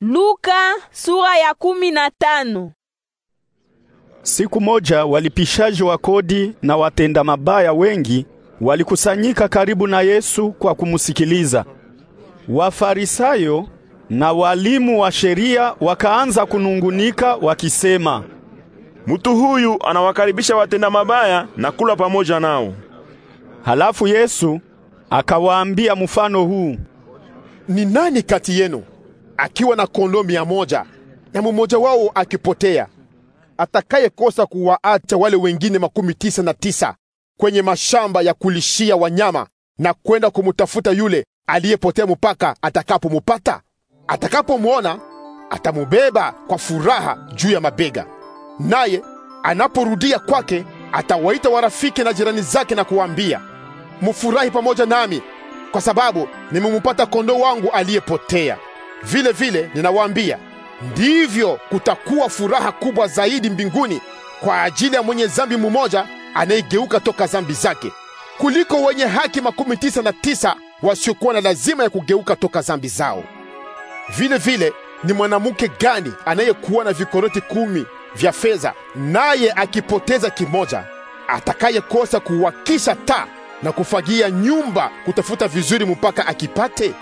Luka sura ya kumi na tano. Siku moja walipishaji wa kodi na watenda mabaya wengi walikusanyika karibu na Yesu kwa kumsikiliza. Wafarisayo na walimu wa sheria wakaanza kunungunika wakisema, Mtu huyu anawakaribisha watenda mabaya na kula pamoja nao. Halafu Yesu akawaambia mfano huu. Ni nani kati yenu akiwa na kondoo mia moja na mmoja wao akipotea, atakayekosa kuwaacha wale wengine makumi tisa na tisa kwenye mashamba ya kulishia wanyama na kwenda kumutafuta yule aliyepotea mpaka atakapomupata. Atakapomwona atamubeba kwa furaha juu ya mabega, naye anaporudia kwake atawaita warafiki na jirani zake na kuwaambia, mufurahi pamoja nami kwa sababu nimemupata kondoo wangu aliyepotea. Vile vile ninawaambia, ndivyo kutakuwa furaha kubwa zaidi mbinguni kwa ajili ya mwenye zambi mmoja anayegeuka toka zambi zake kuliko wenye haki makumi tisa na tisa wasiokuwa na lazima ya kugeuka toka zambi zao. Vile vile ni mwanamke gani anayekuwa na vikoroti kumi vya fedha, naye akipoteza kimoja, atakayekosa kuwakisha taa na kufagia nyumba kutafuta vizuri mpaka akipate?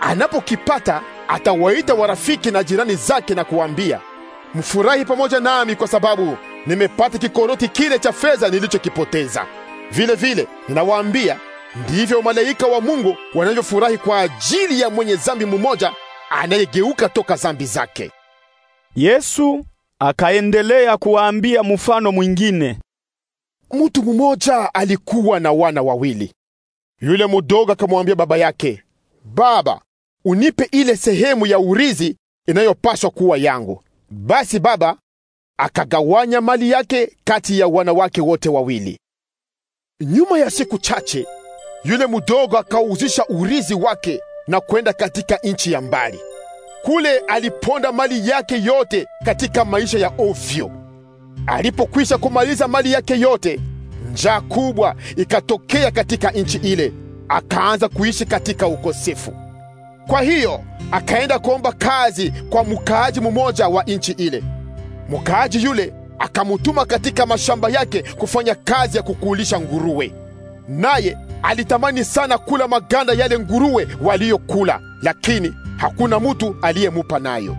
Anapokipata atawaita warafiki na jirani zake na kuwaambia, mfurahi pamoja nami kwa sababu nimepata kikoroti kile cha fedha nilichokipoteza. Vile vile ninawaambia, ndivyo malaika wa Mungu wanavyofurahi kwa ajili ya mwenye zambi mmoja anayegeuka toka zambi zake. Yesu akaendelea kuwaambia mfano mwingine. Mtu mmoja alikuwa na wana wawili. Yule mdogo akamwambia baba yake, Baba, unipe ile sehemu ya urizi inayopaswa kuwa yangu. Basi baba akagawanya mali yake kati ya wanawake wote wawili. Nyuma ya siku chache, yule mdogo akauzisha urizi wake na kwenda katika nchi ya mbali. Kule aliponda mali yake yote katika maisha ya ovyo. Alipokwisha kumaliza mali yake yote, njaa kubwa ikatokea katika nchi ile, akaanza kuishi katika ukosefu. Kwa hiyo akaenda kuomba kazi kwa mkaaji mmoja wa nchi ile. Mkaaji yule akamutuma katika mashamba yake kufanya kazi ya kukulisha nguruwe, naye alitamani sana kula maganda yale nguruwe waliyokula, lakini hakuna mtu aliyemupa nayo.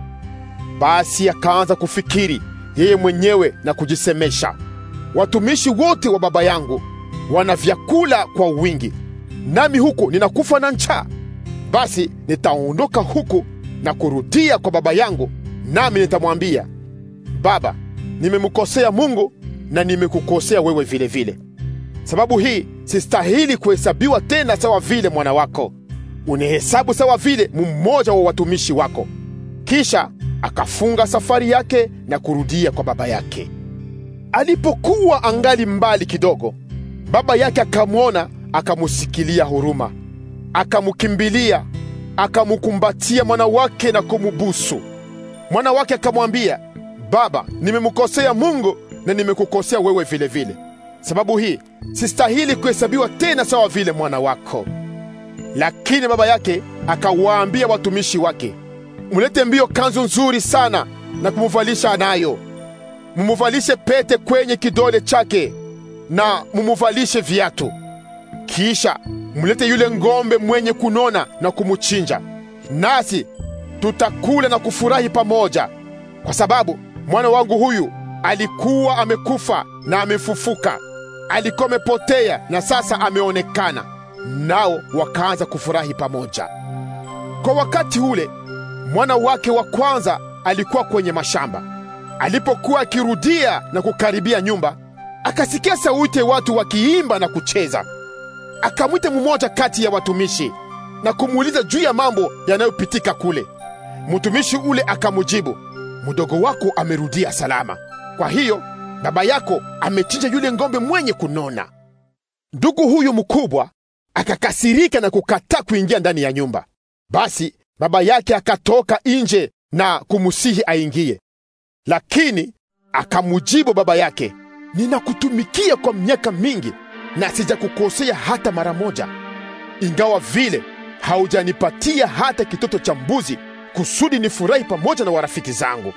Basi akaanza kufikiri yeye mwenyewe na kujisemesha, watumishi wote wa baba yangu wana vyakula kwa wingi, nami huku ninakufa na njaa basi nitaondoka huku na kurudia kwa baba yangu, nami nitamwambia baba, nimemkosea Mungu na nimekukosea wewe vile vile. Sababu hii sistahili kuhesabiwa tena sawa vile mwana wako, unihesabu sawa vile mmoja wa watumishi wako. Kisha akafunga safari yake na kurudia kwa baba yake. Alipokuwa angali mbali kidogo, baba yake akamwona, akamusikilia huruma, akamukimbilia akamukumbatia mwana wake na kumubusu. Mwana wake akamwambia, Baba, nimemukosea Mungu na nimekukosea wewe vile vile. Sababu hii sistahili kuhesabiwa tena sawa vile mwana wako. Lakini baba yake akawaambia watumishi wake, mulete mbio kanzu nzuri sana na kumuvalisha nayo, mumuvalishe pete kwenye kidole chake na mumuvalishe viatu, kisha mlete yule ng'ombe mwenye kunona na kumuchinja, nasi tutakula na kufurahi pamoja, kwa sababu mwana wangu huyu alikuwa amekufa na amefufuka, alikuwa amepotea na sasa ameonekana. Nao wakaanza kufurahi pamoja. Kwa wakati ule mwana wake wa kwanza alikuwa kwenye mashamba. Alipokuwa akirudia na kukaribia nyumba, akasikia sauti ya watu wakiimba na kucheza akamwita mmoja kati ya watumishi na kumuuliza juu ya mambo yanayopitika kule. Mtumishi ule akamujibu, mdogo wako amerudia salama, kwa hiyo baba yako amechinja yule ng'ombe mwenye kunona. Ndugu huyu mkubwa akakasirika na kukataa kuingia ndani ya nyumba. Basi baba yake akatoka nje na kumusihi aingie, lakini akamujibu baba yake, ninakutumikia kwa miaka mingi na sijakukosea hata mara moja, ingawa vile haujanipatia hata kitoto cha mbuzi kusudi nifurahi pamoja na warafiki zangu.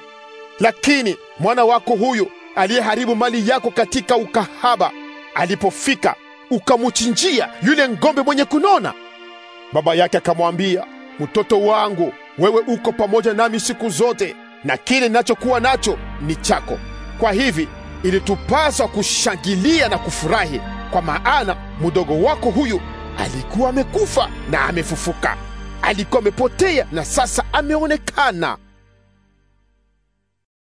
Lakini mwana wako huyu aliyeharibu mali yako katika ukahaba, alipofika ukamuchinjia yule ng'ombe mwenye kunona. Baba yake akamwambia, mtoto wangu, wewe uko pamoja nami siku zote na kile ninachokuwa nacho ni chako. Kwa hivi ilitupaswa kushangilia na kufurahi kwa maana mdogo wako huyu alikuwa amekufa na amefufuka, alikuwa amepotea na sasa ameonekana.